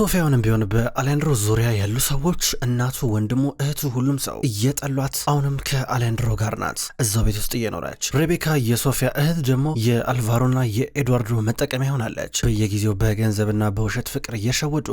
ሶፊያውንም ቢሆን በአሌንድሮ ዙሪያ ያሉ ሰዎች እናቱ፣ ወንድሙ፣ እህቱ፣ ሁሉም ሰው እየጠሏት አሁንም ከአሌንድሮ ጋር ናት፣ እዛው ቤት ውስጥ እየኖረች። ሬቤካ የሶፊያ እህት ደግሞ የአልቫሮና የኤድዋርዶ መጠቀሚያ ሆናለች። በየጊዜው በገንዘብና በውሸት ፍቅር እየሸወዱ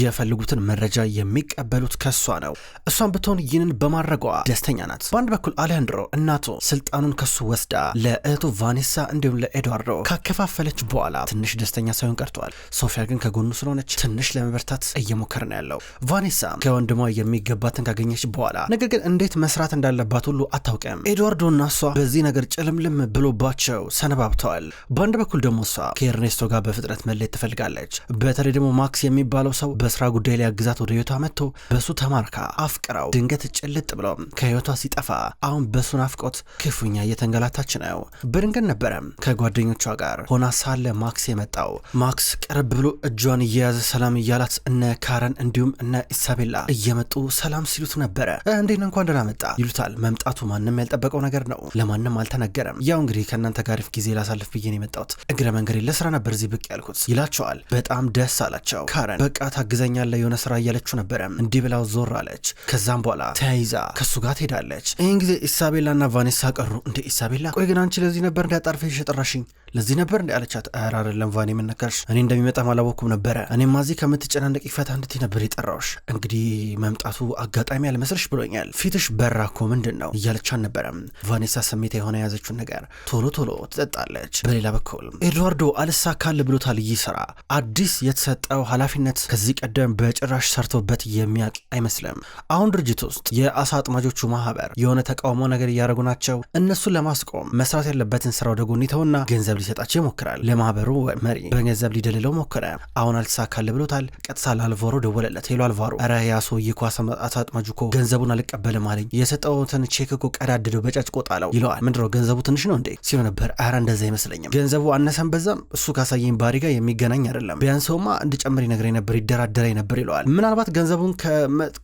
የፈልጉትን መረጃ የሚቀበሉት ከሷ ነው። እሷን ብትሆን ይህንን በማድረጓ ደስተኛ ናት። በአንድ በኩል አሌንድሮ እናቱ ስልጣኑን ከሱ ወስዳ ለእህቱ ቫኔሳ እንዲሁም ለኤድዋርዶ ካከፋፈለች በኋላ ትንሽ ደስተኛ ሳይሆን ቀርቷል። ሶፊያ ግን ከጎኑ ስለሆነች ትንሽ ለመበርታት እየሞከር ነው ያለው። ቫኔሳ ከወንድሟ የሚገባትን ካገኘች በኋላ ነገር ግን እንዴት መስራት እንዳለባት ሁሉ አታውቅም። ኤድዋርዶ እና እሷ በዚህ ነገር ጭልምልም ብሎባቸው ሰነባብተዋል። በአንድ በኩል ደግሞ እሷ ከኤርኔስቶ ጋር በፍጥነት መለየት ትፈልጋለች። በተለይ ደግሞ ማክስ የሚባለው ሰው በስራ ጉዳይ ላይ አግዛት ወደ ህይወቷ መጥቶ በሱ ተማርካ አፍቅረው ድንገት ጭልጥ ብሎ ከህይወቷ ሲጠፋ አሁን በሱን አፍቆት ክፉኛ እየተንገላታች ነው። በድንገት ነበረም ከጓደኞቿ ጋር ሆና ሳለ ማክስ የመጣው። ማክስ ቀረብ ብሎ እጇን እየያዘ ሰላም እያላት እነ ካረን እንዲሁም እነ ኢሳቤላ እየመጡ ሰላም ሲሉት ነበረ። እንዴት እንኳን ደህና መጣ ይሉታል። መምጣቱ ማንም ያልጠበቀው ነገር ነው፣ ለማንም አልተነገረም። ያው እንግዲህ ከእናንተ ጋር ጊዜ ላሳልፍ ብዬ ነው የመጣሁት፣ እግረ መንገዴ ለስራ ነበር እዚህ ብቅ ያልኩት ይላቸዋል። በጣም ደስ አላቸው። ካረን በቃ ታግዘኛለህ የሆነ ስራ እያለችው ነበረ። እንዲህ ብላው ዞር አለች። ከዛም በኋላ ተያይዛ ከእሱ ጋር ትሄዳለች። ይህን ጊዜ ኢሳቤላና ቫኔሳ ቀሩ። እንዴ ኢሳቤላ ቆይ ግን አንቺ ለዚህ ነበር እንዳጣርፈሽ የጠራሽኝ ለዚህ ነበር እንዲ አለቻት። ኧረ አይደለም ቫን የምነካሽ እኔ እንደሚመጣም አላወኩም ነበረ። እኔማ እዚህ ከምትጨናነቂ ፈታ እንድት ነበር የጠራውሽ። እንግዲህ መምጣቱ አጋጣሚ አልመስልሽ ብሎኛል። ፊትሽ በራ እኮ ምንድን ነው እያለቻን ነበረ። ቫኔሳ ስሜት የሆነ የያዘችውን ነገር ቶሎ ቶሎ ትጠጣለች። በሌላ በኩል ኤድዋርዶ አልሳካል ብሎታል። ይህ ስራ አዲስ የተሰጠው ኃላፊነት ከዚህ ቀደም በጭራሽ ሰርቶበት የሚያውቅ አይመስልም። አሁን ድርጅት ውስጥ የአሳ አጥማጆቹ ማህበር የሆነ ተቃውሞ ነገር እያደረጉ ናቸው። እነሱን ለማስቆም መስራት ያለበትን ስራ ወደ ጎን ይተውና ገንዘብ ገንዘብ ሊሰጣቸው ይሞክራል። ለማህበሩ መሪ በገንዘብ ሊደልለው ሞከረ። አሁን አልተሳካል ብሎታል። ቀጥታ ለአልቫሮ ደወለለት። ሄሎ አልቫሮ፣ ኧረ ያሶ የኳስ አሳጥማጁ እኮ ገንዘቡን አልቀበልም አለኝ። የሰጠውትን ቼክ እኮ ቀዳድደው በጫጭቆ ጣለው ይለዋል። ምንድነው ገንዘቡ ትንሽ ነው እንዴ ሲሉ ነበር። አረ እንደዛ አይመስለኝም። ገንዘቡ አነሰም በዛም እሱ ካሳየኝ ባህሪ ጋር የሚገናኝ አይደለም። ቢያንሰውማ እንድጨምር ይነግረኝ ነበር፣ ይደራደረኝ ነበር ይለዋል። ምናልባት ገንዘቡን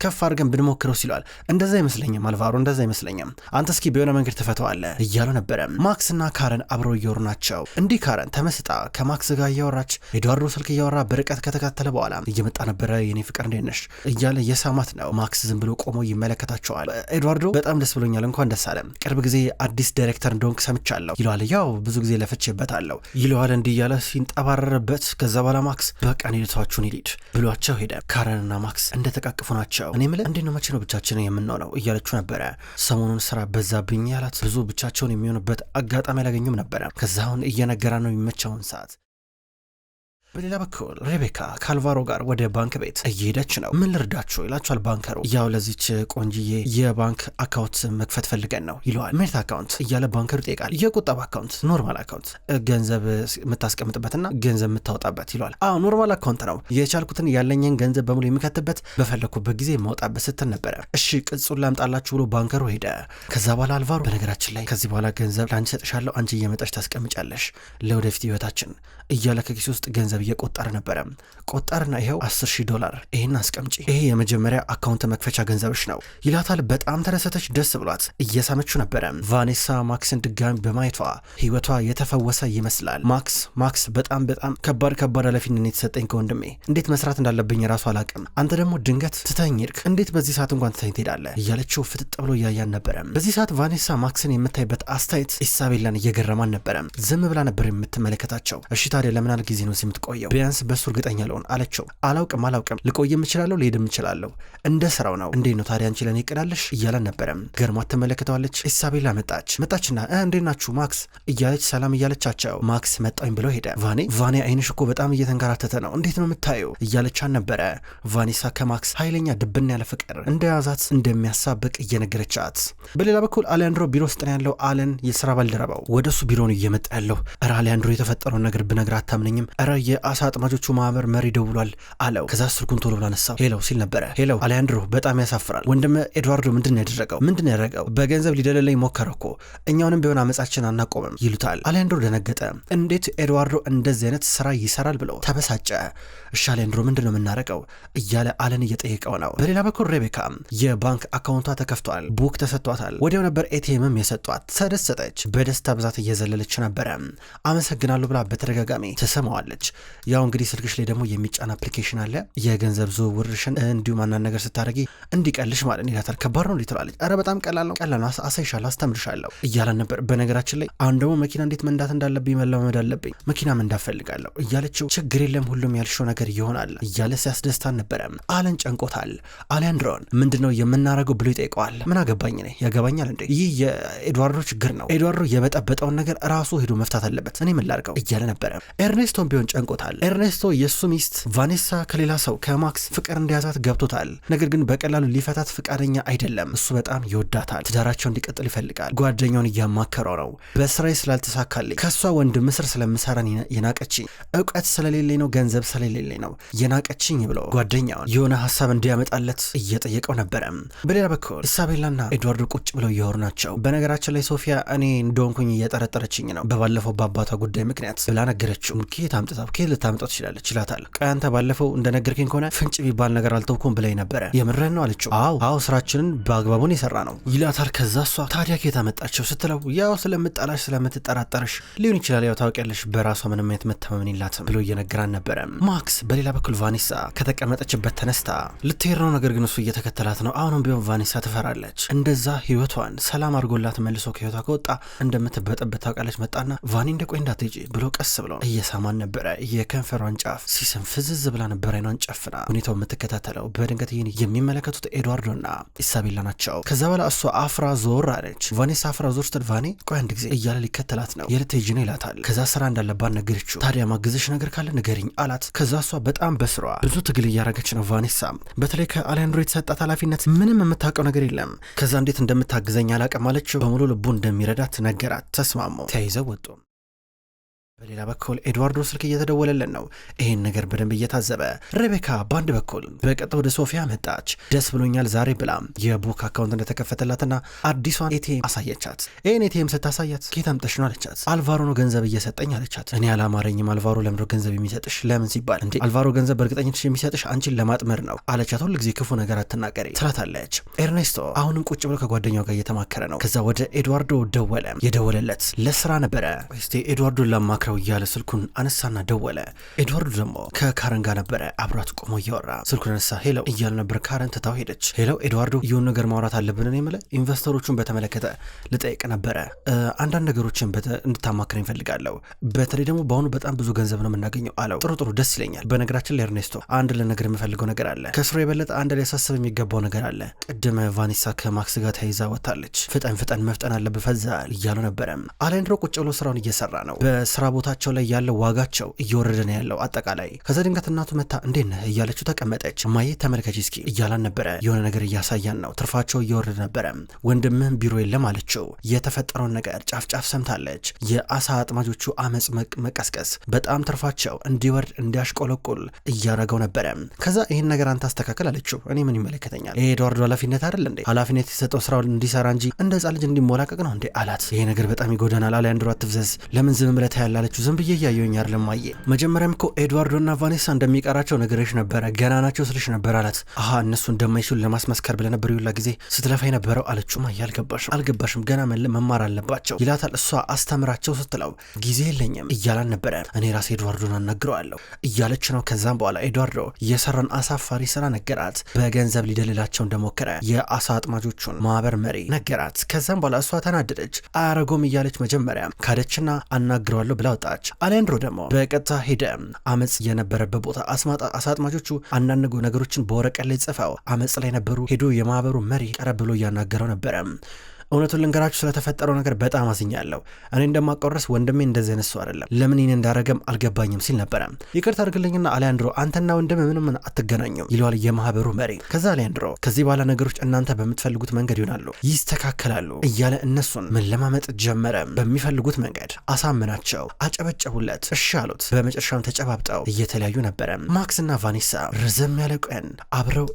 ከፍ አድርገን ብንሞክረው ሲለዋል። እንደዛ አይመስለኝም አልቫሮ፣ እንደዛ አይመስለኝም። አንተ እስኪ በሆነ መንገድ ትፈተዋለ እያሉ ነበረ። ማክስና ካረን አብረው እየወሩ ናቸው። ነው። እንዲህ ካረን ተመስጣ ከማክስ ጋር እያወራች ኤድዋርዶ ስልክ እያወራ በርቀት ከተከተለ በኋላ እየመጣ ነበረ። የኔ ፍቅር እንዴት ነሽ እያለ የሳማት ነው። ማክስ ዝም ብሎ ቆሞ ይመለከታቸዋል። ኤድዋርዶ በጣም ደስ ብሎኛል፣ እንኳን ደስ አለም። ቅርብ ጊዜ አዲስ ዳይሬክተር እንደሆንክ ሰምቻለሁ ይለዋል። ያው ብዙ ጊዜ ለፍቼበታለሁ ይለዋል። እንዲህ እያለ ሲንጠባረረበት፣ ከዛ በኋላ ማክስ በቃ ኔልቷችሁን ይሊድ ብሏቸው ሄደ። ካረንና ማክስ እንደተቃቅፉ ናቸው። እኔ ምለ እንዴት ነው መቼ ነው ብቻችንን የምንሆነው እያለችው ነበረ። ሰሞኑን ስራ በዛብኝ ያላት ብዙ ብቻቸውን የሚሆንበት አጋጣሚ አላገኙም ነበረ። ከዛሁን እየነገረ ነው የሚመቸውን ሰዓት በሌላ በኩል ሬቤካ ከአልቫሮ ጋር ወደ ባንክ ቤት እየሄደች ነው። ምን ልርዳችሁ ይላችኋል ባንከሩ። ያው ለዚች ቆንጅዬ የባንክ አካውንት መክፈት ፈልገን ነው ይለዋል። ሜሪት አካውንት እያለ ባንከሩ ይጠይቃል። የቁጠባ አካውንት፣ ኖርማል አካውንት፣ ገንዘብ የምታስቀምጥበትና ገንዘብ የምታወጣበት ይለዋል። አዎ ኖርማል አካውንት ነው የቻልኩትን ያለኝን ገንዘብ በሙሉ የሚከትበት በፈለግኩበት ጊዜ ማውጣበት ስትል ነበረ። እሺ ቅጹን ላምጣላችሁ ብሎ ባንከሩ ሄደ። ከዛ በኋላ አልቫሮ በነገራችን ላይ ከዚህ በኋላ ገንዘብ ለአንቺ ሰጥሻለሁ፣ አንቺ እየመጣሽ ታስቀምጫለሽ ለወደፊት ህይወታችን እያለ ከኪስ ውስጥ ገንዘብ እየቆጠረ ነበረ። ቆጠርና ይኸው 10 ሺህ ዶላር ይህን አስቀምጪ፣ ይሄ የመጀመሪያ አካውንት መክፈቻ ገንዘብሽ ነው ይላታል። በጣም ተደሰተች፣ ደስ ብሏት እየሳመችው ነበረ። ቫኔሳ ማክስን ድጋሚ በማየቷ ህይወቷ የተፈወሰ ይመስላል። ማክስ ማክስ በጣም በጣም ከባድ ከባድ ኃላፊነት የተሰጠኝ ከወንድሜ እንዴት መስራት እንዳለብኝ ራሱ አላቅም። አንተ ደግሞ ድንገት ትተኝ ሄድክ። እንዴት በዚህ ሰዓት እንኳን ትተኝ ትሄዳለህ? እያለችው ፍጥጥ ብሎ እያያን ነበረ። በዚህ ሰዓት ቫኔሳ ማክስን የምታይበት አስተያየት ኢሳቤላን እየገረማን ነበረ። ዝም ብላ ነበር የምትመለከታቸው እሺ ታዲያ ለምን ጊዜ ነው እዚህ የምትቆየው? ቢያንስ በሱ እርግጠኛ ልሆን አለችው። አላውቅም አላውቅም፣ ልቆይም እችላለሁ፣ ልሄድም እችላለሁ፣ እንደ ስራው ነው። እንዴት ነው ታዲያ አንቺ ለእኔ ይቅዳለሽ? እያለን ነበረም። ገርማት ትመለከተዋለች። ኢሳቤላ መጣች። መጣችና እንዴት ናችሁ ማክስ እያለች ሰላም እያለቻቸው ማክስ መጣኝ ብለው ሄደ። ቫኔ ቫኔ አይንሽ እኮ በጣም እየተንከራተተ ነው፣ እንዴት ነው የምታየው? እያለቻን ነበረ። ቫኔሳ ከማክስ ኃይለኛ ድብን ያለ ፍቅር እንደያዛት እንደሚያሳብቅ እየነገረቻት፣ በሌላ በኩል አሊያንድሮ ቢሮ ውስጥ ነው ያለው። አለን የስራ ባልደረባው ወደ እሱ ነው እየመጣ ያለው እረ አሊያንድሮ የተፈጠረውን ነገር ብነ ብነግር አታምነኝም። እረ የአሳ አጥማጆቹ ማህበር መሪ ደውሏል አለው። ከዛ ስልኩን ቶሎ ብላ ነሳው። ሄለው ሲል ነበረ። ሄለው አሊያንድሮ፣ በጣም ያሳፍራል ወንድም ኤድዋርዶ። ምንድን ያደረገው ምንድን ያደረገው? በገንዘብ ሊደለለኝ ሞከረ እኮ እኛውንም ቢሆን አመጻችን አናቆምም ይሉታል። አሊያንድሮ ደነገጠ። እንዴት ኤድዋርዶ እንደዚህ አይነት ስራ ይሰራል ብሎ ተበሳጨ። እሺ አሊያንድሮ ምንድን ነው የምናረገው እያለ አለን እየጠየቀው ነው። በሌላ በኩል ሬቤካ የባንክ አካውንቷ ተከፍቷል። ቡክ ተሰጥቷታል። ወዲያው ነበር ኤቲኤምም የሰጧት። ተደሰተች። በደስታ ብዛት እየዘለለች ነበረ። አመሰግናለሁ ብላ በተደጋጋ በድጋሚ ትሰማዋለች። ያው እንግዲህ ስልክሽ ላይ ደግሞ የሚጫን አፕሊኬሽን አለ የገንዘብ ዝውውርሽን እንዲሁም አንዳንድ ነገር ስታደረጊ እንዲቀልሽ ማለት ይላታል። ከባድ ነው ትላለች። ኧረ በጣም ቀላል ነው፣ ቀላል ነው፣ አሳይሻለሁ፣ አስተምርሻለሁ እያለን ነበር። በነገራችን ላይ አሁን ደግሞ መኪና እንዴት መንዳት እንዳለብኝ መለማመድ አለብኝ፣ መኪና መንዳት ፈልጋለሁ እያለችው ችግር የለም ሁሉም ያልሽው ነገር ይሆናል እያለ ሲያስደስታን ነበረ። አለን ጨንቆታል። አሊያንድሮን ምንድን ነው የምናረገው ብሎ ይጠይቀዋል። ምን አገባኝ ነኝ ያገባኛል እንዴ? ይህ የኤድዋርዶ ችግር ነው። ኤድዋርዶ የበጠበጠውን ነገር ራሱ ሄዶ መፍታት አለበት። እኔ ምን ላርገው እያለ ነበረ። ኤርኔስቶን ቢሆን ጨንቆታል። ኤርኔስቶ የእሱ ሚስት ቫኔሳ ከሌላ ሰው ከማክስ ፍቅር እንደያዛት ገብቶታል። ነገር ግን በቀላሉ ሊፈታት ፈቃደኛ አይደለም። እሱ በጣም ይወዳታል። ትዳራቸው እንዲቀጥል ይፈልጋል። ጓደኛውን እያማከረው ነው። በስራዬ ስላልተሳካልኝ ከእሷ ወንድ ስር ስለምሰራን የናቀችኝ እውቀት ስለሌለኝ ነው፣ ገንዘብ ስለሌለኝ ነው የናቀችኝ ብሎ ጓደኛውን የሆነ ሀሳብ እንዲያመጣለት እየጠየቀው ነበረ። በሌላ በኩል ኢሳቤላና ኤድዋርዶ ቁጭ ብለው እያወሩ ናቸው። በነገራችን ላይ ሶፊያ እኔ እንደሆንኩኝ እየጠረጠረችኝ ነው፣ በባለፈው በአባቷ ጉዳይ ምክንያት ብላ ነገረ አልቻለችውም። ከየት አምጥታ ከየት ልታምጣው ትችላለች? ይላታል። ቆይ አንተ ባለፈው እንደነገርከኝ ከሆነ ፍንጭ የሚባል ነገር አልተውኩም ብላይ ነበረ። የምረን ነው አለችው። አዎ አዎ፣ ስራችንን በአግባቡን የሰራ ነው ይላታል። ከዛ እሷ ታዲያ ከየት አመጣቸው ስትለው ያው ስለምጣላሽ ስለምትጠራጠርሽ ሊሆን ይችላል፣ ያው ታውቂያለሽ፣ በራሷ ምንም አይነት መተማመን የላትም ብሎ እየነገራን ነበረ። ማክስ በሌላ በኩል ቫኔሳ ከተቀመጠችበት ተነስታ ልትሄድ ነው፣ ነገር ግን እሱ እየተከተላት ነው። አሁንም ቢሆን ቫኔሳ ትፈራለች። እንደዛ ህይወቷን ሰላም አድርጎላት መልሶ ከህይወቷ ከወጣ እንደምትበጠበት ታውቃለች። መጣና ቫኔ እንደቆይ እንዳትሄጂ ብሎ ቀስ ብለው እየሰማን ነበረ። የከንፈሯን ጫፍ ሲስም ፍዝዝ ብላ ነበር አይኗን ጨፍና ሁኔታው የምትከታተለው። በድንገት ይህን የሚመለከቱት ኤድዋርዶና ኢሳቤላ ናቸው። ከዛ በላ እሷ አፍራ ዞር አለች። ቫኔሳ አፍራ ዞር ስትል ቫኔ ቆይ አንድ ጊዜ እያለ ሊከተላት ነው። የልትጅ ነው ይላታል። ከዛ ስራ እንዳለባት ነገረችው። ታዲያ ማግዘሽ ነገር ካለ ንገሪኝ አላት። ከዛ እሷ በጣም በስሯ ብዙ ትግል እያረገች ነው። ቫኔሳ በተለይ ከአሌንድሮ የተሰጣት ኃላፊነት ምንም የምታውቀው ነገር የለም። ከዛ እንዴት እንደምታግዘኝ አላቅም አለችው። በሙሉ ልቡ እንደሚረዳት ነገራት። ተስማሙ። ተያይዘው ወጡ። በሌላ በኩል ኤድዋርዶ ስልክ እየተደወለለን ነው። ይህን ነገር በደንብ እየታዘበ ሬቤካ በአንድ በኩል በቀጥታ ወደ ሶፊያ መጣች። ደስ ብሎኛል ዛሬ ብላም የቡክ አካውንት እንደተከፈተላትና አዲሷን ኤቲኤም አሳየቻት። ይህን ኤቲኤም ስታሳያት ኬት አምጥተሽ ነው አለቻት። አልቫሮ ነው ገንዘብ እየሰጠኝ አለቻት። እኔ አላማረኝም። አልቫሮ ለምንድነው ገንዘብ የሚሰጥሽ? ለምን ሲባል እንዴ አልቫሮ ገንዘብ በእርግጠኝነት የሚሰጥሽ አንቺን ለማጥመር ነው አለቻት። ሁል ጊዜ ክፉ ነገር አትናገሪ ትላታለች። ኤርኔስቶ አሁንም ቁጭ ብሎ ከጓደኛው ጋር እየተማከረ ነው። ከዛ ወደ ኤድዋርዶ ደወለ። የደወለለት ለስራ ነበረ። ስ ኤድዋርዶን ለማ ላማክረው እያለ ስልኩን አነሳና ደወለ። ኤድዋርዱ ደግሞ ከካረን ጋር ነበረ አብሯት ቆሞ እያወራ ስልኩን አነሳ። ሄለው እያሉ ነበር። ካረን ትታው ሄደች። ሄለው ኤድዋርዱ ይሁን ነገር ማውራት አለብንን የምለ ኢንቨስተሮቹን በተመለከተ ልጠይቅ ነበረ። አንዳንድ ነገሮችን እንድታማክር ይፈልጋለሁ። በተለይ ደግሞ በአሁኑ በጣም ብዙ ገንዘብ ነው የምናገኘው አለው። ጥሩ ጥሩ፣ ደስ ይለኛል። በነገራችን ላይ ኤርኔስቶ አንድ ለነገር የምፈልገው ነገር አለ። ከስሮ የበለጠ አንድ ሊያሳስብ የሚገባው ነገር አለ። ቅድመ ቫኒሳ ከማክስ ጋር ተይዛ ወጥታለች። ፍጠን ፍጠን፣ መፍጠን አለብህ ፈዛል እያሉ ነበረ። አሌንድሮ ቁጭ ብሎ ስራውን እየሰራ ነው። በስራ ቦታቸው ላይ ያለው ዋጋቸው እየወረደ ነው ያለው አጠቃላይ። ከዛ ድንገት እናቱ መታ እንዴት ነህ እያለችው ተቀመጠች። እማዬ ተመልከች እስኪ እያላን ነበረ። የሆነ ነገር እያሳያን ነው። ትርፋቸው እየወረደ ነበረ። ወንድምህም ቢሮ የለም አለችው። የተፈጠረውን ነገር ጫፍጫፍ ሰምታለች። የአሳ አጥማጆቹ አመፅ መቀስቀስ በጣም ትርፋቸው እንዲወርድ እንዲያሽቆለቁል እያረገው ነበረ። ከዛ ይህን ነገር አንተ አስተካከል አለችው። እኔ ምን ይመለከተኛል? ይሄ ኤድዋርዶ ኃላፊነት አይደል እንዴ? ኃላፊነት የተሰጠው ስራ እንዲሰራ እንጂ እንደ ህፃን ልጅ እንዲሞላቀቅ ነው እንዴ አላት። ይሄ ነገር በጣም ይጎዳናል። አሊያንድሮ አትፍዘዝ። ለምን ዝም ብለህ ታያለህ አለችው። ዝም ብዬ እያየሁኝ አይደለም እማዬ፣ መጀመሪያም እኮ ኤድዋርዶና ቫኔሳ እንደሚቀራቸው ነገርሽ ነበረ፣ ገና ናቸው ስልሽ ነበር አላት። አሀ እነሱ እንደማይችሉ ለማስመስከር ብለህ ነበር ይውላ ጊዜ ስትለፋ የነበረው አለችው። እማዬ አልገባሽም፣ አልገባሽም ገና መማር አለባቸው ይላታል። እሷ አስተምራቸው ስትለው ጊዜ የለኝም እያላን ነበረ። እኔ ራሴ ኤድዋርዶን አናግረዋለሁ እያለች ነው። ከዛም በኋላ ኤድዋርዶ የሰራን አሳፋሪ ስራ ነገራት። በገንዘብ ሊደልላቸው እንደሞከረ የአሳ አጥማጆቹን ማህበር መሪ ነገራት። ከዛም በኋላ እሷ ተናደደች። አያረጎም እያለች መጀመሪያ ካደችና አናግረዋለሁ ብላ አወጣች። አሌንድሮ ደግሞ በቀጥታ ሄደ አመፅ የነበረበት ቦታ አሳጥማጆቹ አንዳንድ ነገሮችን በወረቀት ላይ ጽፈው አመፅ ላይ ነበሩ። ሄዶ የማህበሩ መሪ ቀረብ ብሎ እያናገረው ነበረ። እውነቱን ልንገራችሁ ስለተፈጠረው ነገር በጣም አዝኛለሁ። እኔ እንደማቆረስ ወንድሜ እንደዚህ አይነት አይደለም። ለምን ይህን እንዳረገም አልገባኝም ሲል ነበረ። ይቅርታ አድርግልኝና አሊያንድሮ አንተና ወንድም ምንም አትገናኙም ይለዋል የማህበሩ መሪ። ከዛ አሊያንድሮ ከዚህ በኋላ ነገሮች እናንተ በምትፈልጉት መንገድ ይሆናሉ፣ ይስተካከላሉ እያለ እነሱን መለማመጥ ጀመረ። በሚፈልጉት መንገድ አሳምናቸው፣ አጨበጨቡለት፣ እሺ አሉት። በመጨረሻም ተጨባብጠው እየተለያዩ ነበረ። እና ቫኔሳ ረዘም ያለ ቀን አብረው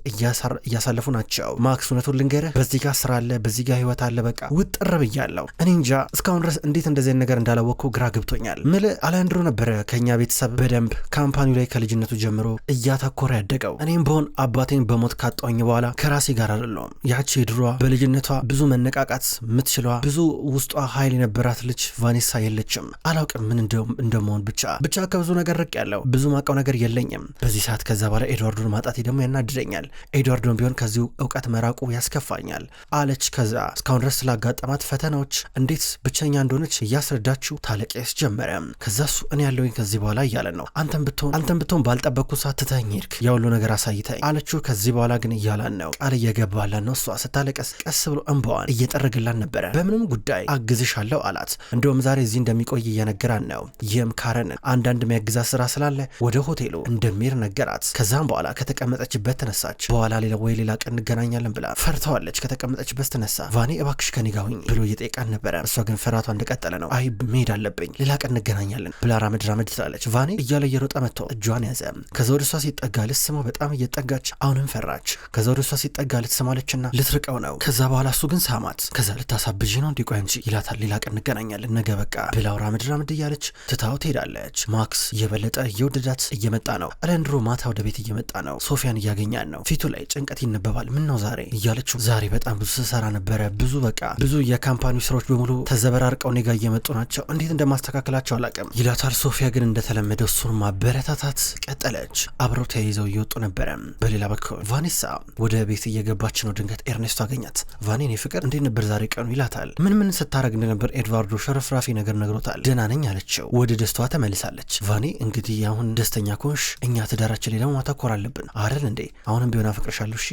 እያሳለፉ ናቸው። ማክስ እውነቱን ልንገርህ፣ በዚህ ጋር ስራ አለ፣ በዚህ ጋር ህይወት አለ አለ በቃ ውጥር ብያለሁ። እኔ እንጃ እስካሁን ድረስ እንዴት እንደዚህ ነገር እንዳላወቅኩ ግራ ገብቶኛል። ምል አላንድሮ ነበረ ከእኛ ቤተሰብ በደንብ ካምፓኒው ላይ ከልጅነቱ ጀምሮ እያተኮረ ያደገው። እኔም በሆን አባቴን በሞት ካጣኝ በኋላ ከራሴ ጋር አይደለሁም። ያቺ የድሯ በልጅነቷ ብዙ መነቃቃት ምትችለዋ ብዙ ውስጧ ኃይል የነበራት ልጅ ቫኔሳ የለችም። አላውቅም ምን እንደመሆን ብቻ ብቻ ከብዙ ነገር ርቅ ያለው ብዙ ማቀው ነገር የለኝም በዚህ ሰዓት። ከዛ በኋላ ኤድዋርዶን ማጣቴ ደግሞ ያናድደኛል። ኤድዋርዶን ቢሆን ከዚሁ እውቀት መራቁ ያስከፋኛል አለች። ከዛ እስካሁን ድረስ ስላጋጠማት ፈተናዎች እንዴት ብቸኛ እንደሆነች እያስረዳችው ታለቅስ ጀመረ። ከዛ እሱ እኔ ያለውኝ ከዚህ በኋላ እያለ ነው። አንተን ብትሆን አንተን ብትሆን ባልጠበቅኩ ሰዓት ትተኸኝ ሄድክ፣ የሁሉ ነገር አሳይተኝ አለችው። ከዚህ በኋላ ግን እያላን ነው፣ ቃል እየገባለን ነው። እሷ ስታለቀስ ቀስ ብሎ እንባዋን እየጠረግላን ነበረ። በምንም ጉዳይ አግዝሻለሁ አላት። እንዲሁም ዛሬ እዚህ እንደሚቆይ እየነገራን ነው። ይህም ካረንን አንዳንድ የሚያግዛት ስራ ስላለ ወደ ሆቴሉ እንደሚሄድ ነገራት። ከዛም በኋላ ከተቀመጠችበት ተነሳች። በኋላ ሌላ ወይ ሌላ ቀን እንገናኛለን ብላ ፈርተዋለች። ከተቀመጠችበት ተነሳ። ቫኔ እባክህ እባክሽ ከኔ ጋር ሁኝ ብሎ እየጠየቃን ነበረ። እሷ ግን ፍራቷ እንደቀጠለ ነው። አይ መሄድ አለብኝ፣ ሌላ ቀን እንገናኛለን ብላ ራመድ ራመድ ትላለች። ቫኔ እያለ እየሮጠ መጥቶ እጇን ያዘ። ከዛ ወደ እሷ ሲጠጋ ልትስመው በጣም እየጠጋች አሁንም ፈራች። ከዛ ወደ እሷ ሲጠጋ ልትስማለችና ልትርቀው ነው። ከዛ በኋላ እሱ ግን ሳማት። ከዛ ልታሳብዥ ነው እንዲ እንጂ ይላታል። ሌላ ቀን እንገናኛለን ነገ በቃ ብላው ራመድ ራመድ እያለች ትታው ትሄዳለች። ማክስ እየበለጠ እየወደዳት እየመጣ ነው። አለንድሮ ማታ ወደ ቤት እየመጣ ነው። ሶፊያን እያገኛት ነው። ፊቱ ላይ ጭንቀት ይነበባል። ምን ነው ዛሬ እያለችው ዛሬ በጣም ብዙ ስሰራ ነበረ ብዙ በቃ ብዙ የካምፓኒ ስራዎች በሙሉ ተዘበራርቀው እኔ ጋ እየመጡ ናቸው። እንዴት እንደማስተካከላቸው አላቅም ይላታል። ሶፊያ ግን እንደተለመደው እሱን ማበረታታት ቀጠለች። አብረው ተያይዘው እየወጡ ነበረ። በሌላ በኩል ቫኔሳ ወደ ቤት እየገባች ነው። ድንገት ኤርኔስቶ አገኛት። ቫኔ ፍቅር እንዴት ነበር ዛሬ ቀኑ ይላታል። ምን ምን ስታረግ እንደነበር ኤድቫርዶ ሸረፍራፊ ነገር ነግሮታል። ደህና ነኝ አለችው። ወደ ደስታዋ ተመልሳለች። ቫኔ እንግዲህ አሁን ደስተኛ ኮንሽ፣ እኛ ትዳራችን ላይ ደግሞ ማተኮር አለብን አይደል እንዴ? አሁንም ቢሆን አፈቅርሻለሁ እሺ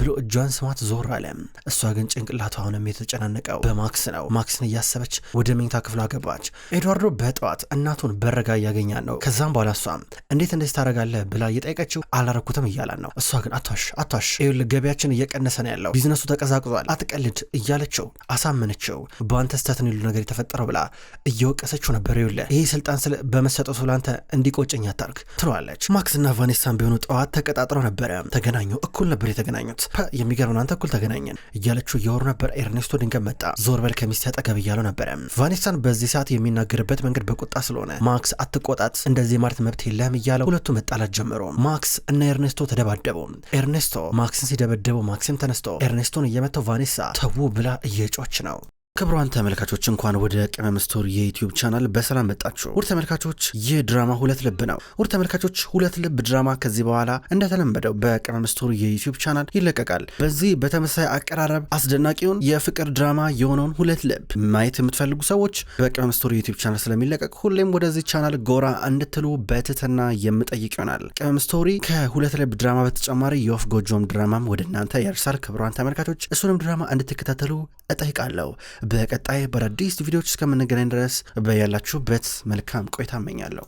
ብሎ እጇን ስማት ዞር አለ። እሷ ግን ጭንቅላቷ አሁንም የተጨናነቀው በማክስ ነው። ማክስን እያሰበች ወደ መኝታ ክፍሏ ገባች። ኤድዋርዶ በጠዋት እናቱን በረጋ እያገኛት ነው። ከዛም በኋላ እሷ እንዴት እንደዚህ ታደርጋለህ ብላ እየጠየቀችው አላረኩትም እያላት ነው። እሷ ግን አቷሽ አቷሽ ይል ገቢያችን እየቀነሰ ነው ያለው፣ ቢዝነሱ ተቀዛቅዟል፣ አትቀልድ እያለችው አሳመነችው። በአንተ ስተትን ይሉ ነገር የተፈጠረው ብላ እየወቀሰችው ነበር። ይውለ ይህ ስልጣን ስለ በመሰጠቱ ለአንተ እንዲቆጨኝ አታርግ ትለዋለች። ማክስና ቫኔሳን ቢሆኑ ጠዋት ተቀጣጥረው ነበረ። ተገናኙ። እኩል ነበር የተገናኙ ተገናኙት። የሚገርም አንተ እኩል ተገናኘን እያለችው እያወሩ ነበር። ኤርኔስቶ ድንገት መጣ። ዞር በል ከሚስቴ አጠገብ ነበረ። ቫኔሳን በዚህ ሰዓት የሚናገርበት መንገድ በቁጣ ስለሆነ ማክስ አትቆጣት፣ እንደዚህ ማለት መብት የለህም እያለው ሁለቱ መጣላት ጀምሮ ማክስ እና ኤርኔስቶ ተደባደቡ። ኤርኔስቶ ማክስን ሲደበደበው ማክስም ተነስቶ ኤርኔስቶን እየመተው ቫኔሳ ተዉ ብላ እየጮች ነው። ክብሯን ተመልካቾች እንኳን ወደ ቅመም ስቶር የዩቲዩብ ቻናል በሰላም መጣችሁ። ውድ ተመልካቾች ይህ ድራማ ሁለት ልብ ነው። ውድ ተመልካቾች ሁለት ልብ ድራማ ከዚህ በኋላ እንደተለመደው በቅመም ስቶር የዩቲዩብ ቻናል ይለቀቃል። በዚህ በተመሳሳይ አቀራረብ አስደናቂውን የፍቅር ድራማ የሆነውን ሁለት ልብ ማየት የምትፈልጉ ሰዎች በቅመም ስቶር የዩቲዩብ ቻናል ስለሚለቀቅ ሁሌም ወደዚህ ቻናል ጎራ እንድትሉ በትህትና የምጠይቅ ይሆናል። ቅመም ስቶሪ ከሁለት ልብ ድራማ በተጨማሪ የወፍ ጎጆም ድራማም ወደ እናንተ ያርሳል። ክብሯን ተመልካቾች እሱንም ድራማ እንድትከታተሉ እጠይቃለሁ። በቀጣይ በአዳዲስ ቪዲዮዎች እስከምንገናኝ ድረስ በያላችሁበት መልካም ቆይታ እመኛለሁ።